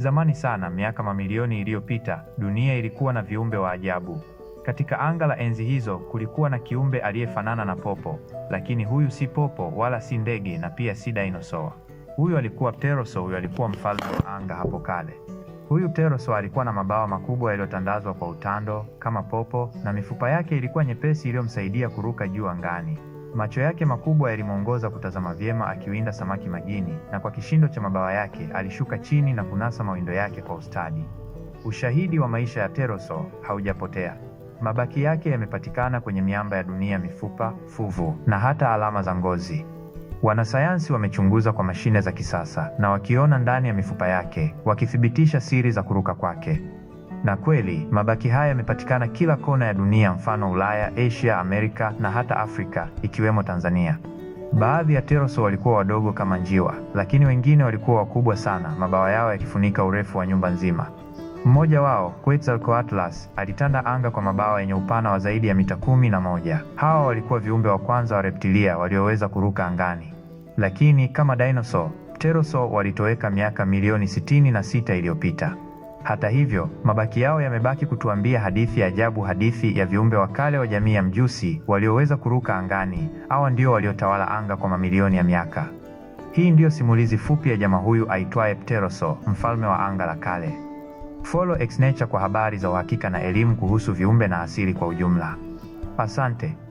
Zamani sana, miaka mamilioni iliyopita, dunia ilikuwa na viumbe wa ajabu. Katika anga la enzi hizo kulikuwa na kiumbe aliyefanana na popo, lakini huyu si popo wala si ndege na pia si dinosaur. Huyu alikuwa pterosaur, huyu alikuwa mfalme wa anga hapo kale. Huyu pterosaur alikuwa na mabawa makubwa yaliyotandazwa kwa utando kama popo na mifupa yake ilikuwa nyepesi iliyomsaidia kuruka juu angani. Macho yake makubwa yalimwongoza kutazama vyema akiwinda samaki majini, na kwa kishindo cha mabawa yake alishuka chini na kunasa mawindo yake kwa ustadi. Ushahidi wa maisha ya Teroso haujapotea. Mabaki yake yamepatikana kwenye miamba ya dunia, mifupa, fuvu na hata alama za ngozi. Wanasayansi wamechunguza kwa mashine za kisasa na wakiona ndani ya mifupa yake, wakithibitisha siri za kuruka kwake. Na kweli mabaki haya yamepatikana kila kona ya dunia, mfano Ulaya, Asia, Amerika na hata Afrika ikiwemo Tanzania. Baadhi ya teroso walikuwa wadogo kama njiwa, lakini wengine walikuwa wakubwa sana, mabawa yao yakifunika urefu wa nyumba nzima. Mmoja wao Quetzalcoatlus alitanda anga kwa mabawa yenye upana wa zaidi ya mita kumi na moja. Hawa walikuwa viumbe wa kwanza wa reptilia walioweza kuruka angani, lakini kama dinosaur, pterosaur walitoweka miaka milioni sitini na sita iliyopita. Hata hivyo, mabaki yao yamebaki kutuambia hadithi ya ajabu, hadithi ya viumbe wa kale wa jamii ya mjusi walioweza kuruka angani. Hawa ndio waliotawala anga kwa mamilioni ya miaka. Hii ndiyo simulizi fupi ya jamaa huyu aitwaye pteroso mfalme wa anga la kale. Follow X Nature kwa habari za uhakika na elimu kuhusu viumbe na asili kwa ujumla. Asante.